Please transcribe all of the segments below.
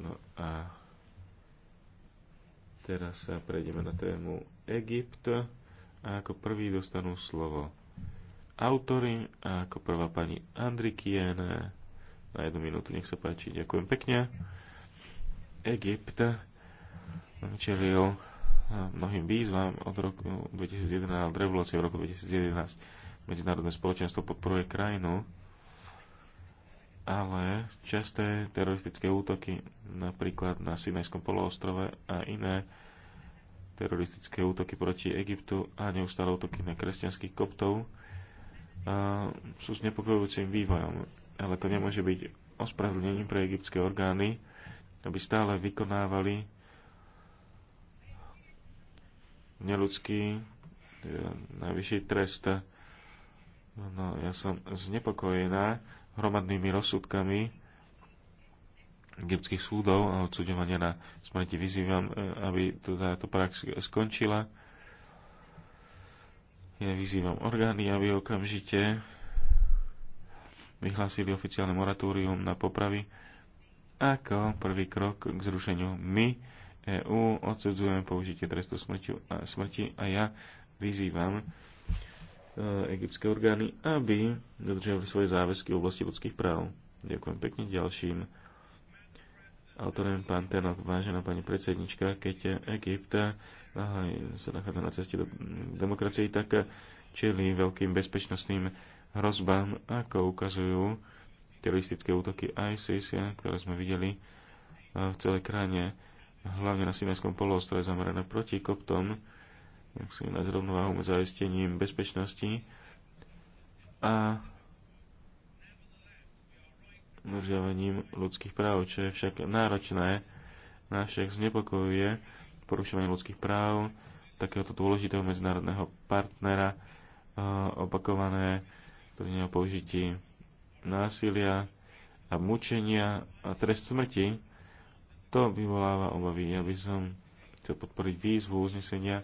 No a teraz sa prejdeme na tému Egypt a ako prvý dostanú slovo autory a ako prvá pani Andrikiene na jednu minútu, nech sa páči, ďakujem pekne. Egypt čelil mnohým výzvam od roku 2011, od revolúcie v roku 2011. Medzinárodné spoločenstvo podporuje krajinu, ale časté teroristické útoky napríklad na Sinajskom poloostrove a iné teroristické útoky proti Egyptu a neustále útoky na kresťanských koptov a sú s nepokojujúcim vývojom. Ale to nemôže byť ospravedlnením pre egyptské orgány, aby stále vykonávali neludský e, najvyšší trest No, ja som znepokojená hromadnými rozsudkami egyptských súdov a odsudovania na smrti. Vyzývam, e, aby táto prax skončila. Ja vyzývam orgány, aby okamžite vyhlásili oficiálne moratórium na popravy ako prvý krok k zrušeniu. My, EU odsudzujeme použitie trestu smrti a ja vyzývam E, egyptské orgány, aby dodržiavali svoje záväzky v oblasti ľudských práv. Ďakujem pekne ďalším autorem pán Tenok, vážená pani predsednička, keď Egypt sa nachádza na ceste do demokracie, tak čeli veľkým bezpečnostným hrozbám, ako ukazujú teroristické útoky ISIS, ktoré sme videli e, v celej krajine, hlavne na Sinajskom poloostrove zamerané proti koptom, musíme nájsť rovnováhu medzi zaistením bezpečnosti a udržiavaním ľudských práv, čo je však náročné. Nás však znepokojuje porušovanie ľudských práv takéhoto dôležitého medzinárodného partnera, eh, opakované tvrdenie o použití násilia a mučenia a trest smrti. To vyvoláva obavy. Ja by som chcel podporiť výzvu uznesenia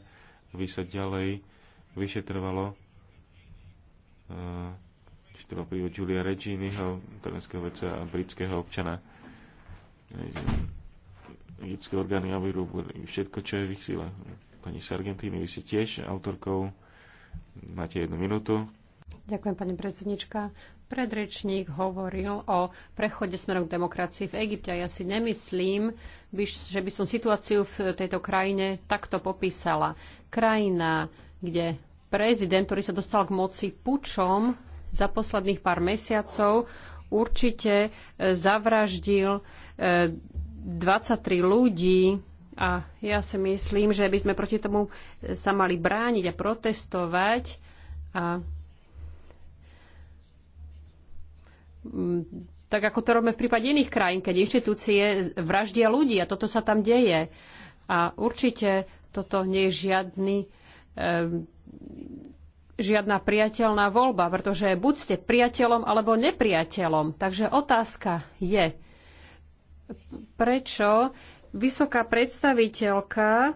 aby sa ďalej vyšetrovalo vyšetroval eh, prípad Julia Reginiho, talianského vedca a britského občana. Egyptské orgány robili všetko, čo je v ich sile. Pani Sargentini, vy ste tiež autorkou. Máte jednu minútu. Ďakujem, pani predsednička. Predrečník hovoril o prechode smerom k demokracii v Egypte. Ja si nemyslím, že by som situáciu v tejto krajine takto popísala. Krajina, kde prezident, ktorý sa dostal k moci pučom za posledných pár mesiacov, určite e, zavraždil 23 e, ľudí a ja si myslím, že by sme proti tomu sa mali brániť a protestovať a tak ako to robíme v prípade iných krajín, keď inštitúcie vraždia ľudí a toto sa tam deje. A určite toto nie je žiadny, e, žiadna priateľná voľba, pretože buď ste priateľom alebo nepriateľom. Takže otázka je, prečo vysoká predstaviteľka e,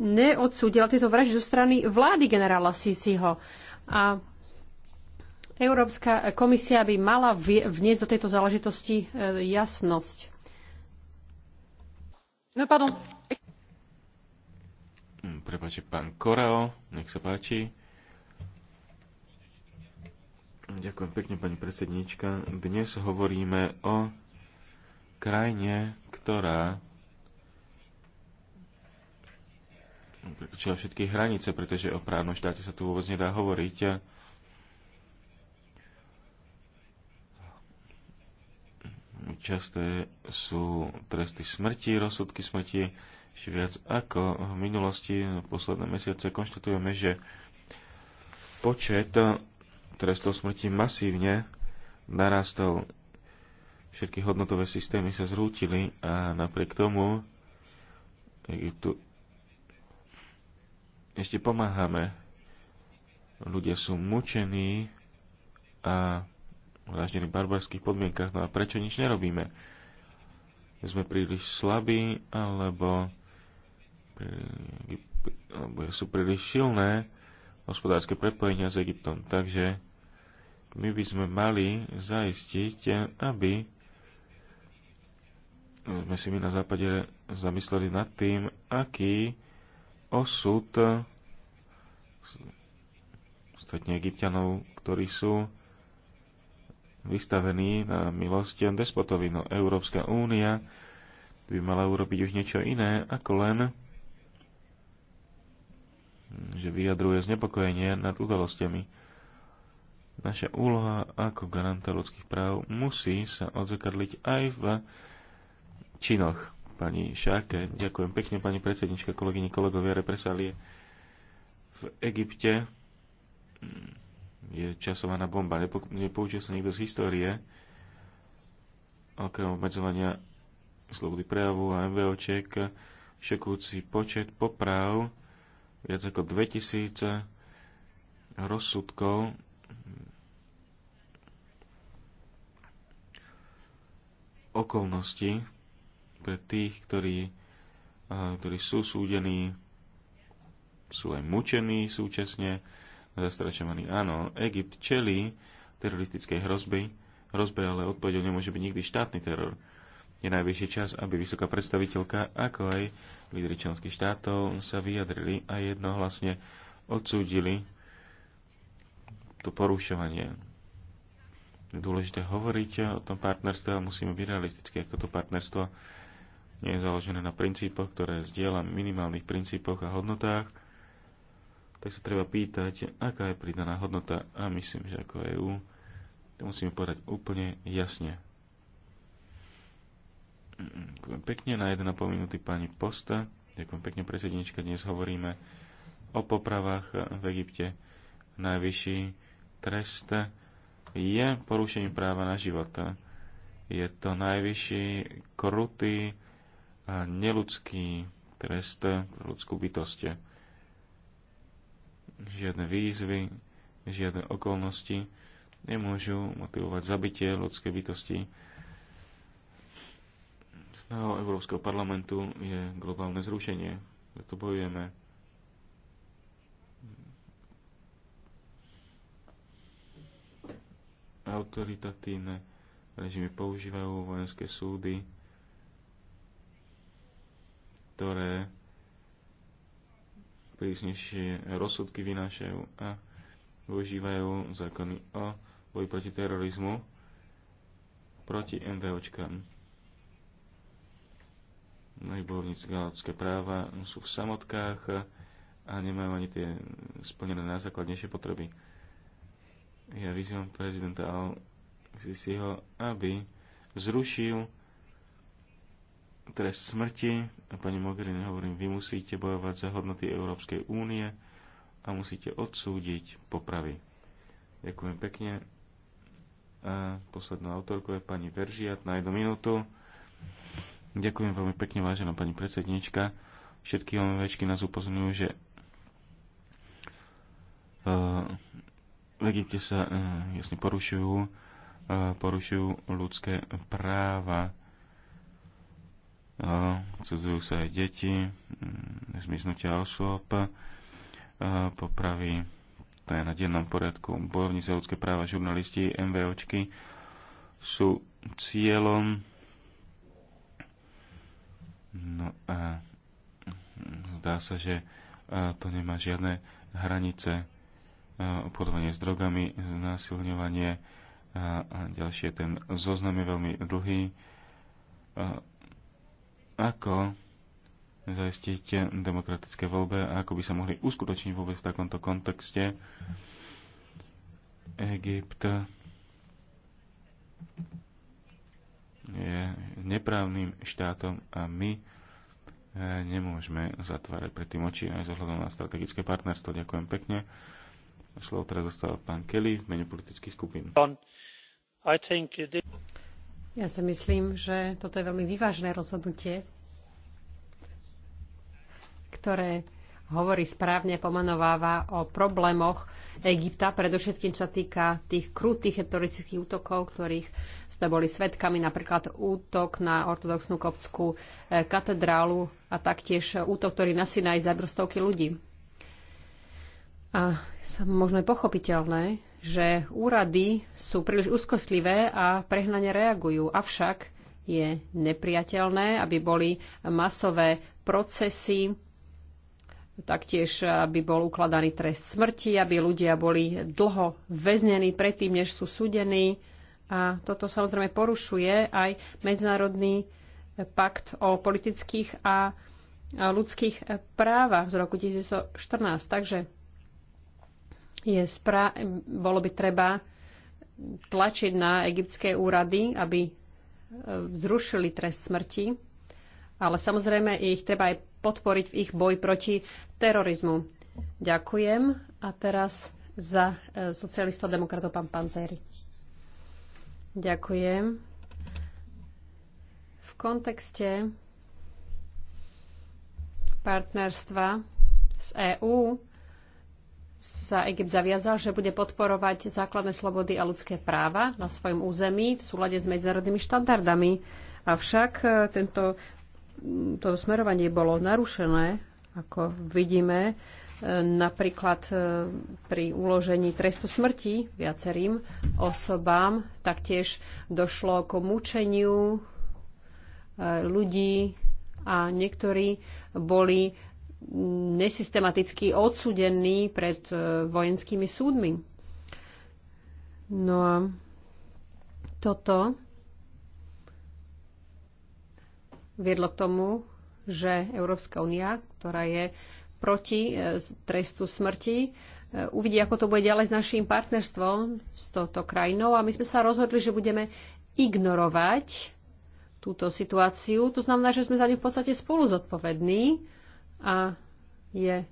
neodsúdila tieto vraždy zo strany vlády generála Sisiho. A Európska komisia by mala vniesť do tejto záležitosti e, jasnosť. No, pardon. Mm, Prepáči, pán Koreo, nech sa páči. Ďakujem pekne, pani predsedníčka. Dnes hovoríme o krajine, ktorá prekročila všetky hranice, pretože o právnom štáte sa tu vôbec nedá hovoriť. Časté sú tresty smrti, rozsudky smrti, ešte viac ako v minulosti. V posledné mesiace konštatujeme, že počet trestov smrti masívne narastol. Všetky hodnotové systémy sa zrútili a napriek tomu Egyptu ešte pomáhame. Ľudia sú mučení a vraždení v barbarských podmienkach. No a prečo nič nerobíme? Sme príliš slabí, alebo, alebo sú príliš silné hospodárske prepojenia s Egyptom. Takže my by sme mali zaistiť, aby sme si my na západe zamysleli nad tým, aký osud ostatne egyptianov, ktorí sú Vystavený na a despotovi. No Európska únia by mala urobiť už niečo iné, ako len že vyjadruje znepokojenie nad udalostiami. Naša úloha ako garanta ľudských práv musí sa odzakadliť aj v činoch. Pani Šáke, ďakujem pekne, pani predsednička, kolegyne, kolegovia, represálie v Egypte je časovaná bomba. Nepo, nepoučil sa niekto z histórie, okrem obmedzovania slobody prejavu a MVOček, šokujúci počet poprav, viac ako 2000 rozsudkov, okolnosti pre tých, ktorí, eh, ktorí sú súdení, sú aj mučení súčasne, zastrašovaní. Áno, Egypt čelí teroristickej hrozby, hrozbe, ale odpovedou nemôže byť nikdy štátny teror. Je najvyšší čas, aby vysoká predstaviteľka, ako aj lídry členských štátov sa vyjadrili a jednohlasne odsúdili to porušovanie. Je dôležité hovoriť o tom partnerstve a musíme byť realistickí, ak toto partnerstvo nie je založené na princípoch, ktoré zdieľa minimálnych princípoch a hodnotách, tak sa treba pýtať, aká je pridaná hodnota a myslím, že ako EÚ to musíme povedať úplne jasne. Ďakujem pekne na 1,5 minúty pani Posta. Ďakujem pekne predsednička. Dnes hovoríme o popravách v Egypte. Najvyšší trest je porušenie práva na život. Je to najvyšší krutý a neludský trest pre ľudskú bytosti žiadne výzvy, žiadne okolnosti nemôžu motivovať zabitie ľudskej bytosti. Snahou Európskeho parlamentu je globálne zrušenie. Za to bojujeme. Autoritatívne režimy používajú vojenské súdy, ktoré prísnejšie rozsudky vynášajú a využívajú zákony o boji proti terorizmu proti MVOčkám. Najbojovníci galopské práva sú v samotkách a nemajú ani tie splnené najzákladnejšie potreby. Ja vyzývam prezidenta Al-Sisiho, aby zrušil trest smrti a pani Mogherini hovorím, vy musíte bojovať za hodnoty Európskej únie a musíte odsúdiť popravy. Ďakujem pekne. A poslednou autorkou je pani Veržiat na jednu minútu. Ďakujem veľmi pekne, vážená pani predsednička. Všetky omevečky nás upozorňujú, že e, v Egypte sa e, jasne porušujú, e, porušujú ľudské práva cudzujú sa aj deti, mm, zmiznutia osôb, popravy, to je na dennom poriadku, bojovníci za ľudské práva, žurnalisti, MVOčky sú cieľom no a zdá sa, že to nemá žiadne hranice obchodovanie s drogami, znásilňovanie a ďalšie. Ten zoznam je veľmi dlhý ako zaistiť demokratické voľbe a ako by sa mohli uskutočniť vôbec v takomto kontexte. Egypt je neprávnym štátom a my eh, nemôžeme zatvárať pred tým oči aj zohľadom na strategické partnerstvo. Ďakujem pekne. Slovo teraz dostáva pán Kelly v mene politických skupín. Ja si myslím, že toto je veľmi vyvážne rozhodnutie, ktoré hovorí správne, pomenováva o problémoch Egypta, predovšetkým sa týka tých krutých etorických útokov, ktorých sme boli svetkami, napríklad útok na ortodoxnú kopskú eh, katedrálu a taktiež útok, ktorý na Sinaj zabil stovky ľudí. A možno je pochopiteľné, že úrady sú príliš úzkostlivé a prehnane reagujú. Avšak je nepriateľné, aby boli masové procesy, taktiež aby bol ukladaný trest smrti, aby ľudia boli dlho väznení predtým, než sú súdení. A toto samozrejme porušuje aj Medzinárodný pakt o politických a ľudských právach z roku 2014. Takže je spra- bolo by treba tlačiť na egyptské úrady, aby e, zrušili trest smrti, ale samozrejme ich treba aj podporiť v ich boj proti terorizmu. Ďakujem. A teraz za e, socialistov demokratov pán Panzeri. Ďakujem. V kontexte partnerstva z EÚ sa Egypt zaviazal, že bude podporovať základné slobody a ľudské práva na svojom území v súlade s medzinárodnými štandardami. Avšak e, tento, to smerovanie bolo narušené, ako vidíme, e, napríklad e, pri uložení trestu smrti viacerým osobám. Taktiež došlo k mučeniu ľudí a niektorí boli nesystematicky odsudený pred e, vojenskými súdmi. No a toto viedlo k tomu, že Európska únia, ktorá je proti e, trestu smrti, e, uvidí, ako to bude ďalej s našim partnerstvom s touto krajinou. A my sme sa rozhodli, že budeme ignorovať túto situáciu. To znamená, že sme za ňu v podstate spolu zodpovední a je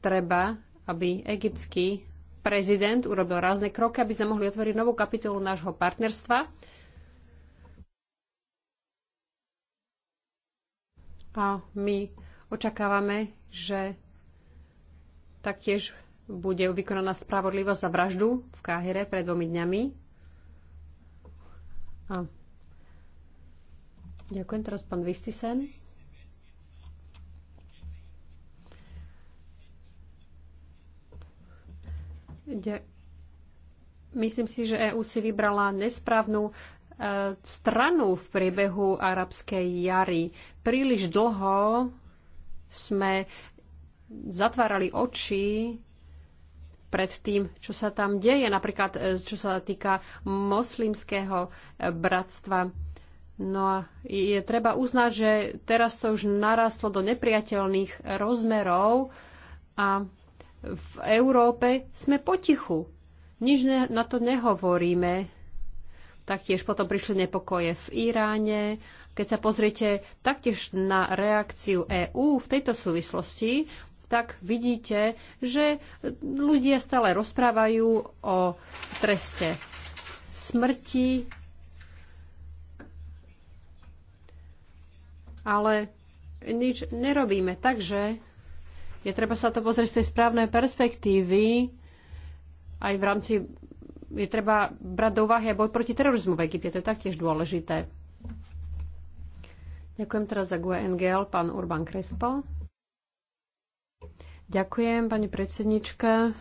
treba, aby egyptský prezident urobil rázne kroky, aby sme mohli otvoriť novú kapitolu nášho partnerstva. A my očakávame, že taktiež bude vykonaná spravodlivosť za vraždu v Káhire pred dvomi dňami. A. Ďakujem teraz pán Vistisen. Myslím si, že EU si vybrala nesprávnu e, stranu v priebehu arabskej jary. Príliš dlho sme zatvárali oči pred tým, čo sa tam deje, napríklad e, čo sa týka moslimského e, bratstva. No a je treba uznať, že teraz to už narastlo do nepriateľných rozmerov a v Európe sme potichu. Nič ne, na to nehovoríme. Taktiež potom prišli nepokoje v Iráne. Keď sa pozriete taktiež na reakciu EÚ v tejto súvislosti, tak vidíte, že ľudia stále rozprávajú o treste smrti, ale nič nerobíme. Takže je treba sa to pozrieť z tej správnej perspektívy. Aj v rámci je treba brať do úvahy aj boj proti terorizmu v Egypte. To je taktiež dôležité. Ďakujem teraz za GUNGL, e NGL, pán Urban Krespo. Ďakujem, pani predsednička.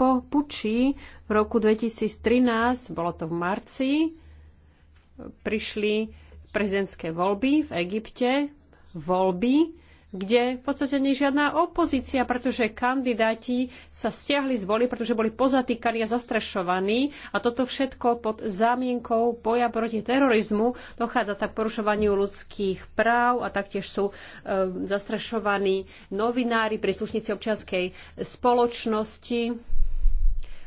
Po puči v roku 2013, bolo to v marci, prišli prezidentské voľby v Egypte, voľby, kde v podstate nie je žiadna opozícia, pretože kandidáti sa stiahli z voli, pretože boli pozatýkaní a zastrašovaní a toto všetko pod zámienkou boja proti terorizmu dochádza tak k porušovaniu ľudských práv a taktiež sú e, zastrašovaní novinári, príslušníci občianskej spoločnosti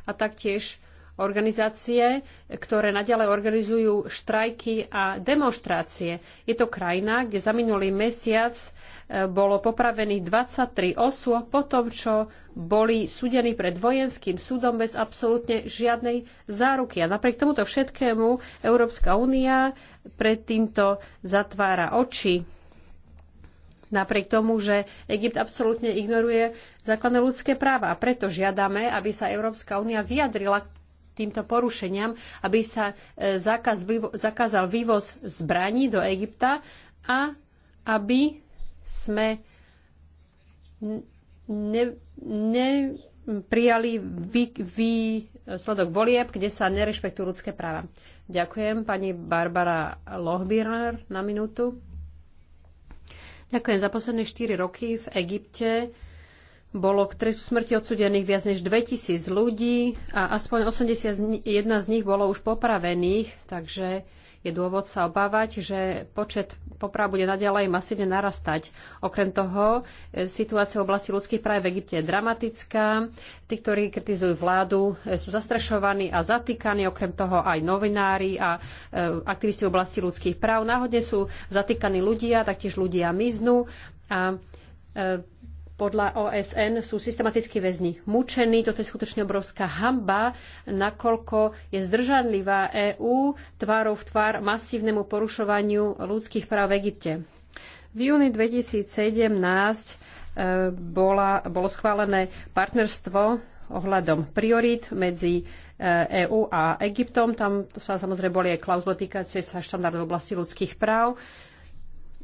a taktiež organizácie, ktoré nadalej organizujú štrajky a demonštrácie. Je to krajina, kde za minulý mesiac bolo popravených 23 osôb po tom, čo boli súdení pred vojenským súdom bez absolútne žiadnej záruky. A napriek tomuto všetkému Európska únia pred týmto zatvára oči. Napriek tomu, že Egypt absolútne ignoruje základné ľudské práva. A preto žiadame, aby sa Európska únia vyjadrila týmto porušeniam, aby sa e, zákaz, zakázal vývoz zbraní do Egypta a aby sme neprijali ne, ne vy, výsledok volieb, kde sa nerešpektujú ľudské práva. Ďakujem pani Barbara Lohbirner na minútu. Ďakujem. Za posledné 4 roky v Egypte bolo k trestu smrti odsudených viac než 2000 ľudí a aspoň 81 z nich bolo už popravených, takže je dôvod sa obávať, že počet poprav bude naďalej masívne narastať. Okrem toho, e, situácia v oblasti ľudských práv v Egypte je dramatická. Tí, ktorí kritizujú vládu, e, sú zastrešovaní a zatýkaní. Okrem toho aj novinári a e, aktivisti v oblasti ľudských práv. Náhodne sú zatýkaní ľudia, taktiež ľudia miznú. A podľa OSN sú systematicky väzni mučení. Toto je skutočne obrovská hamba, nakoľko je zdržanlivá EÚ tvárou v tvár masívnemu porušovaniu ľudských práv v Egypte. V júni 2017 e, bola, bolo schválené partnerstvo ohľadom priorít medzi EÚ e a Egyptom. Tam sa samozrejme boli aj klauzule týkajúce sa štandardov oblasti ľudských práv.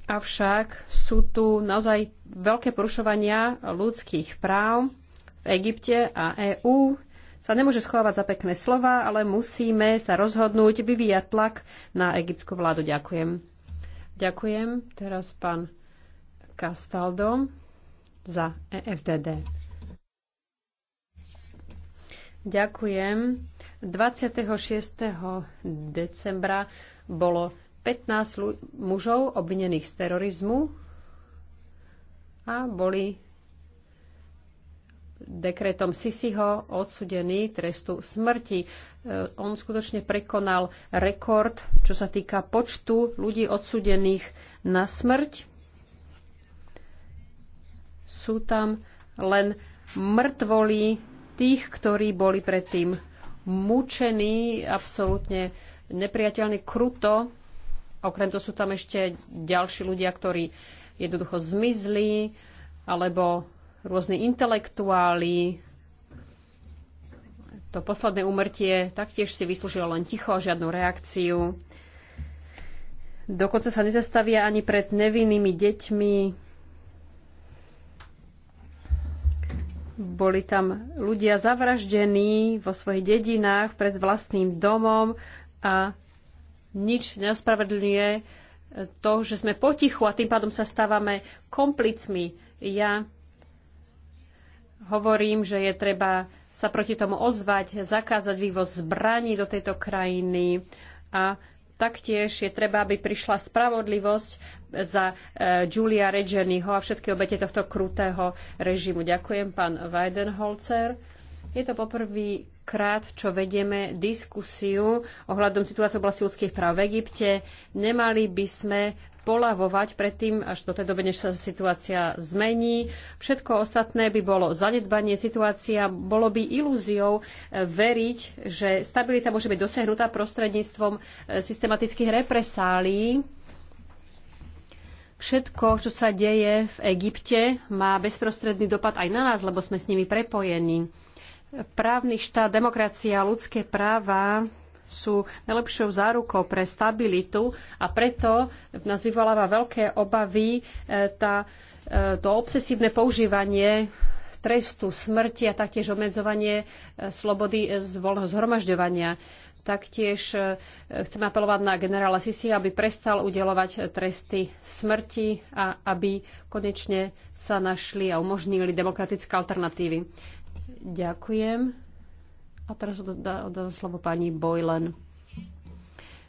Avšak sú tu naozaj veľké porušovania ľudských práv v Egypte a EÚ sa nemôže schovávať za pekné slova, ale musíme sa rozhodnúť vyvíjať tlak na egyptskú vládu. Ďakujem. Ďakujem. Teraz pán Castaldo za EFDD. Ďakujem. 26. decembra bolo 15 mužov obvinených z terorizmu a boli dekretom Sisiho odsudení trestu smrti. E, on skutočne prekonal rekord, čo sa týka počtu ľudí odsudených na smrť. Sú tam len mŕtvoli tých, ktorí boli predtým mučení, absolútne nepriateľne kruto Okrem toho sú tam ešte ďalší ľudia, ktorí jednoducho zmizli, alebo rôzni intelektuáli. To posledné úmrtie taktiež si vyslúžilo len ticho, žiadnu reakciu. Dokonca sa nezastavia ani pred nevinnými deťmi. Boli tam ľudia zavraždení vo svojich dedinách pred vlastným domom a nič neospravedlňuje to, že sme potichu a tým pádom sa stávame komplicmi. Ja hovorím, že je treba sa proti tomu ozvať, zakázať vývoz zbraní do tejto krajiny a taktiež je treba, aby prišla spravodlivosť za e, Julia Regeniho a všetky obete tohto krutého režimu. Ďakujem, pán Weidenholzer. Je to poprvý krát, čo vedieme diskusiu ohľadom situácie v oblasti ľudských práv v Egypte. Nemali by sme polavovať predtým, až do tej doby, než sa situácia zmení. Všetko ostatné by bolo zanedbanie, situácia bolo by ilúziou eh, veriť, že stabilita môže byť dosiahnutá prostredníctvom eh, systematických represálií. Všetko, čo sa deje v Egypte, má bezprostredný dopad aj na nás, lebo sme s nimi prepojení. Právny štát, demokracia, ľudské práva sú najlepšou zárukou pre stabilitu a preto v nás vyvoláva veľké obavy e, tá, e, to obsesívne používanie trestu smrti a taktiež obmedzovanie e, slobody z voľného zhromažďovania. Taktiež chcem apelovať na generála Sisi, aby prestal udelovať tresty smrti a aby konečne sa našli a umožnili demokratické alternatívy. Ďakujem. A teraz oddám slovo pani Bojlen.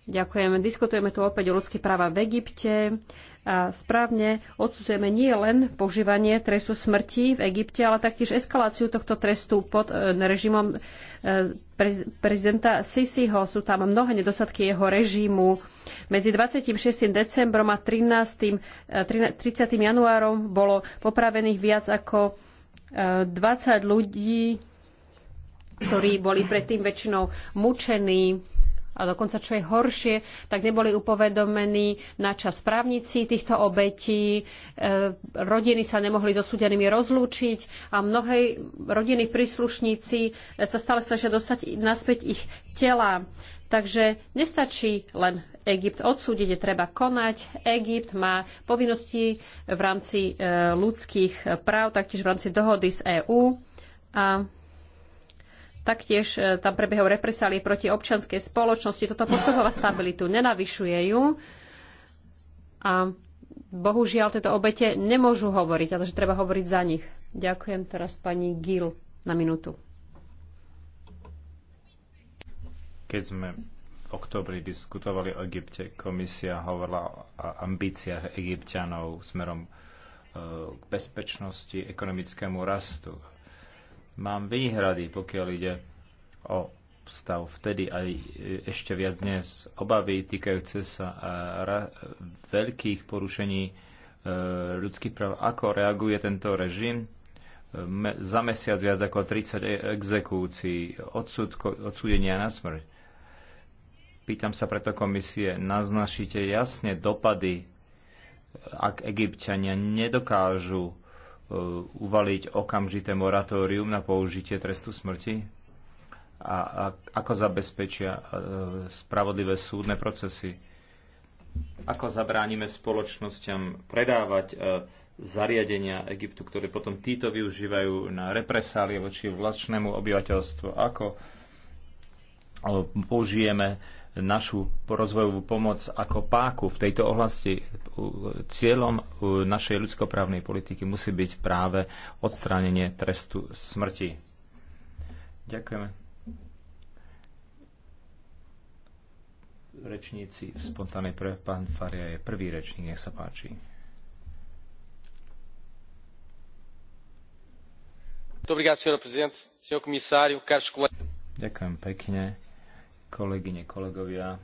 Ďakujem. Diskutujeme tu opäť o ľudských práva v Egypte. A správne odsudzujeme nie len požívanie trestu smrti v Egypte, ale taktiež eskaláciu tohto trestu pod e, režimom e, prezidenta Sisiho. Sú tam mnohé nedostatky jeho režimu. Medzi 26. decembrom a 13. 30. E, januárom bolo popravených viac ako 20 ľudí, ktorí boli predtým väčšinou mučení, a dokonca čo je horšie, tak neboli upovedomení na čas právnici týchto obetí, e, rodiny sa nemohli so súdenými rozlúčiť a mnohé rodiny príslušníci sa stále snažia dostať naspäť ich tela. Takže nestačí len Egypt odsúdiť, je treba konať. Egypt má povinnosti v rámci e, ľudských práv, taktiež v rámci dohody z EÚ a taktiež e, tam prebiehajú represálie proti občianskej spoločnosti. Toto podkopová stabilitu, nenavyšuje ju a bohužiaľ tieto obete nemôžu hovoriť, ale že treba hovoriť za nich. Ďakujem teraz pani Gil na minútu. Keď sme v oktobri diskutovali o Egypte, komisia hovorila o ambíciách egyptianov smerom e, k bezpečnosti, ekonomickému rastu. Mám výhrady, pokiaľ ide o stav vtedy aj e, ešte viac dnes. Obavy týkajúce sa e, veľkých porušení ľudských práv. Ako reaguje tento režim? za mesiac viac ako 30 exekúcií, odsudko, odsúdenia na smrť Pýtam sa preto komisie, naznačíte jasne dopady, ak egyptiania nedokážu e, uvaliť okamžité moratórium na použitie trestu smrti? A ako zabezpečia e, spravodlivé súdne procesy? Ako zabránime spoločnosťam predávať e, zariadenia Egyptu, ktoré potom títo využívajú na represálie voči vlastnému obyvateľstvu? Ako použijeme našu rozvojovú pomoc ako páku v tejto oblasti. Cieľom našej ľudskoprávnej politiky musí byť práve odstránenie trestu smrti. Ďakujeme. Rečníci v spontánej pre pán Faria je prvý rečník, nech sa páči. Ďakujem pekne Kolegyne, kolegovia,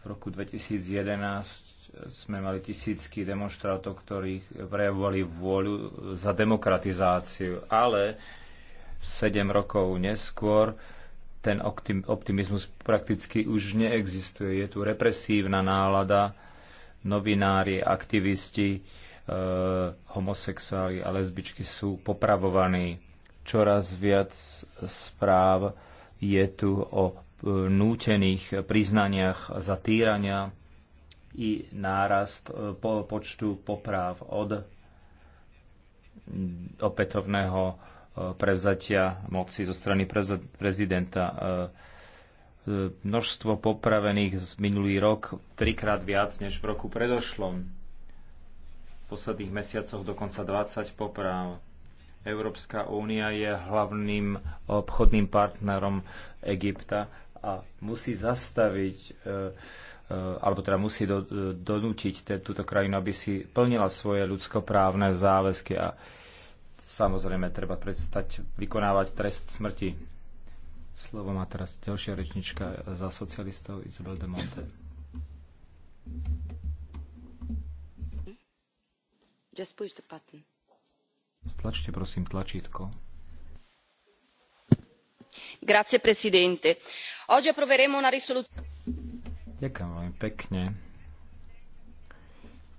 v roku 2011 sme mali tisícky demonstrátov, ktorí prejavovali vôľu za demokratizáciu, ale 7 rokov neskôr ten optimizmus prakticky už neexistuje. Je tu represívna nálada, novinári, aktivisti, eh, homosexuáli a lesbičky sú popravovaní čoraz viac správ je tu o e, nútených priznaniach za týrania i nárast e, po počtu popráv od mm, opätovného e, prevzatia moci zo strany prezidenta. Množstvo popravených z minulý rok trikrát viac než v roku predošlom. V posledných mesiacoch dokonca 20 popráv Európska únia je hlavným obchodným partnerom Egypta a musí zastaviť, e, e, alebo teda musí do, donútiť túto krajinu, aby si plnila svoje ľudskoprávne záväzky a samozrejme treba predstať vykonávať trest smrti. Slovo má teraz ďalšia rečnička za socialistov Isabel de Monte. Just push the button. Stlačte prosím tlačítko. Grazie presidente. Oggi approveremo una risoluzione. Ďakujem veľmi pekne.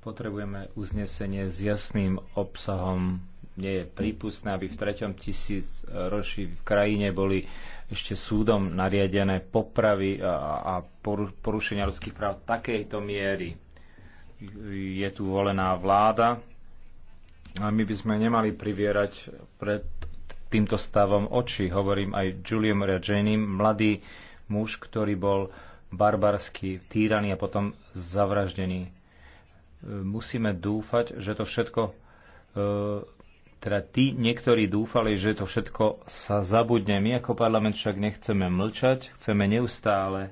Potrebujeme uznesenie s jasným obsahom. Nie je prípustné, aby v treťom tisíc roší v krajine boli ešte súdom nariadené popravy a, a porušenia ľudských práv takejto miery. Je tu volená vláda, my by sme nemali privierať pred týmto stavom oči. Hovorím aj Julium Regenim, mladý muž, ktorý bol barbarsky týraný a potom zavraždený. E, musíme dúfať, že to všetko, e, teda tí niektorí dúfali, že to všetko sa zabudne. My ako parlament však nechceme mlčať, chceme neustále e,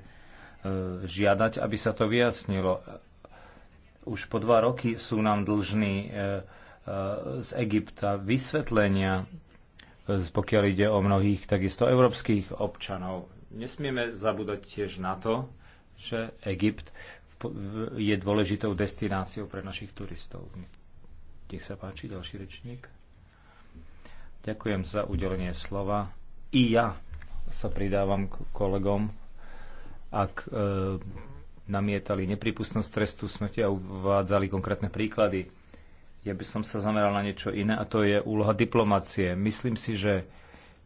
žiadať, aby sa to vyjasnilo. Už po dva roky sú nám dlžní z Egypta, vysvetlenia, eh, pokiaľ ide o mnohých takisto európskych občanov. Nesmieme zabúdať tiež na to, že Egypt je dôležitou destináciou pre našich turistov. Nech sa páči, ďalší rečník. Ďakujem za udelenie slova. I ja sa pridávam k kolegom, ak e, namietali nepripustnosť trestu smrti a uvádzali konkrétne príklady ja by som sa zameral na niečo iné a to je úloha diplomácie. Myslím si, že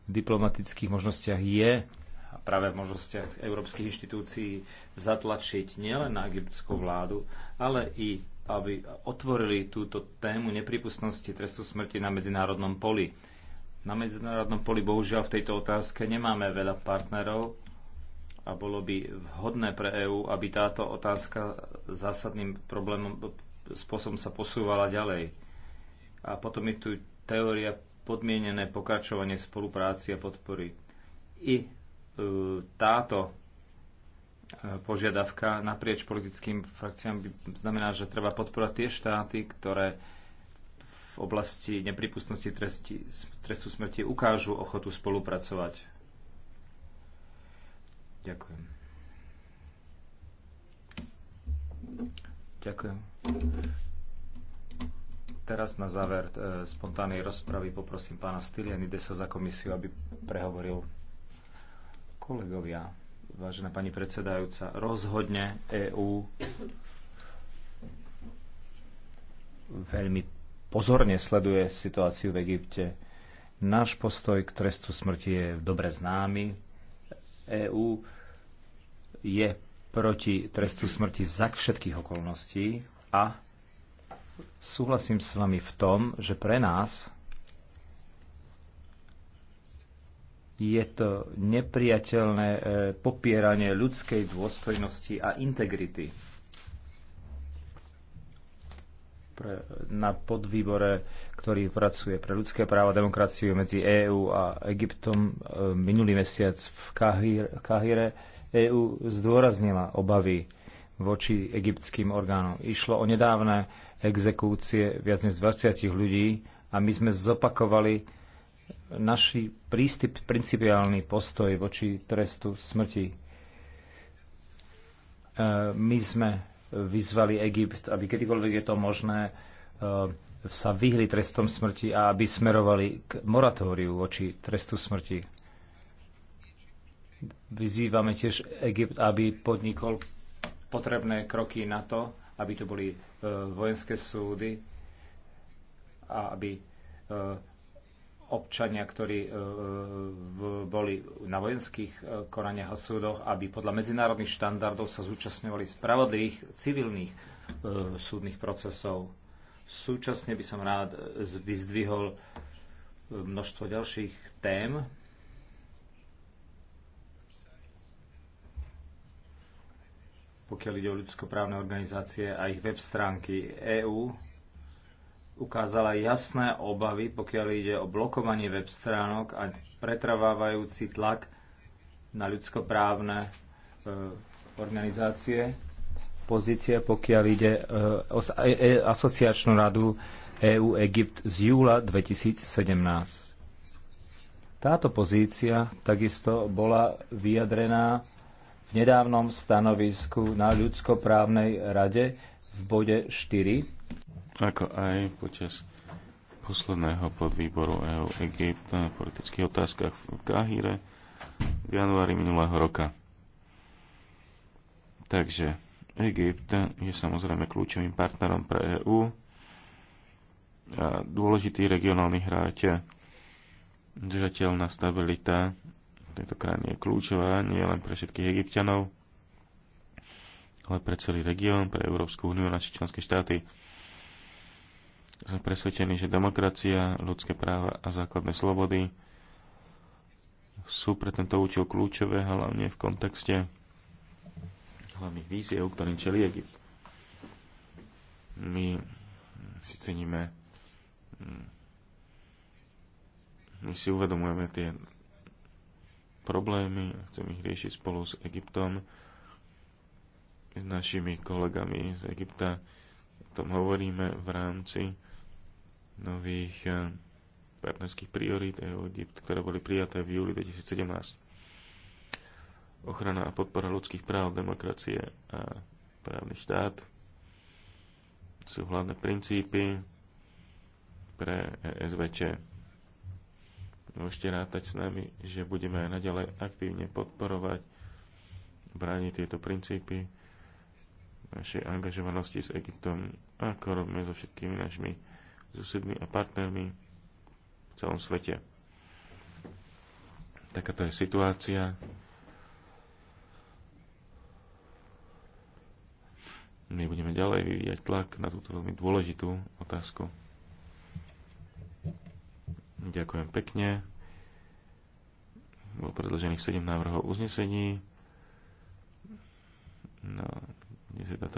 v diplomatických možnostiach je a práve v možnostiach európskych inštitúcií zatlačiť nielen na egyptskú vládu, ale i aby otvorili túto tému nepripustnosti trestu smrti na medzinárodnom poli. Na medzinárodnom poli bohužiaľ v tejto otázke nemáme veľa partnerov a bolo by vhodné pre EÚ, aby táto otázka zásadným problémom spôsobom sa posúvala ďalej. A potom je tu teória podmienené pokračovanie spolupráci a podpory. I e, táto e, požiadavka naprieč politickým frakciám znamená, že treba podporovať tie štáty, ktoré v oblasti nepripustnosti tresti, trestu smrti ukážu ochotu spolupracovať. Ďakujem. Ďakujem. Teraz na záver e, spontánnej rozpravy poprosím pána Stylianidesa za komisiu, aby prehovoril kolegovia. Vážená pani predsedajúca, rozhodne EÚ veľmi pozorne sleduje situáciu v Egypte. Náš postoj k trestu smrti je dobre známy. EÚ je proti trestu smrti za všetkých okolností a súhlasím s vami v tom, že pre nás je to nepriateľné e, popieranie ľudskej dôstojnosti a integrity. Pre, na podvýbore, ktorý pracuje pre ľudské práva a demokraciu medzi EÚ a Egyptom e, minulý mesiac v Kahire, Kahire EÚ zdôraznila obavy voči egyptským orgánom. Išlo o nedávne exekúcie viac než 20 ľudí a my sme zopakovali naši prístup, principiálny postoj voči trestu smrti. E, my sme vyzvali Egypt, aby kedykoľvek je to možné, e, sa vyhli trestom smrti a aby smerovali k moratóriu voči trestu smrti Vyzývame tiež Egypt, aby podnikol potrebné kroky na to, aby to boli e, vojenské súdy a aby e, občania, ktorí e, boli na vojenských konaniach a súdoch, aby podľa medzinárodných štandardov sa zúčastňovali spravodlivých civilných súdnych procesov. Súčasne by som rád vyzdvihol množstvo ďalších tém, pokiaľ ide o ľudskoprávne organizácie a ich web stránky EÚ, ukázala jasné obavy, pokiaľ ide o blokovanie web stránok a pretrvávajúci tlak na ľudskoprávne e, organizácie pozície, pokiaľ ide e, o e, e, asociačnú radu EU Egypt z júla 2017. Táto pozícia takisto bola vyjadrená v nedávnom stanovisku na ľudskoprávnej rade v bode 4. Ako aj počas posledného podvýboru EU Egypt na politických otázkach v Kahire v januári minulého roka. Takže Egypt je samozrejme kľúčovým partnerom pre EÚ a dôležitý regionálny hráč, držateľná stabilita tejto krajiny je kľúčová nie len pre všetkých egyptianov, ale pre celý región, pre Európsku úniu a naše členské štáty. Sme presvedčení, že demokracia, ľudské práva a základné slobody sú pre tento účel kľúčové, hlavne v kontexte hlavných víziev, ktorým čelí Egypt. My si ceníme, hm, my si uvedomujeme tie problémy a chcem ich riešiť spolu s Egyptom, s našimi kolegami z Egypta. O tom hovoríme v rámci nových eh, partnerských priorít EU Egypt, ktoré boli prijaté v júli 2017. Ochrana a podpora ľudských práv, demokracie a právny štát sú hlavné princípy pre e SVČ Môžete rátať s nami, že budeme aj naďalej aktívne podporovať, brániť tieto princípy našej angažovanosti s Egyptom, ako robíme so všetkými našimi susedmi a partnermi v celom svete. Takáto je situácia. My budeme ďalej vyvíjať tlak na túto veľmi dôležitú otázku. Ďakujem pekne. Bolo predložených 7 návrhov uznesení. No, dnes je táto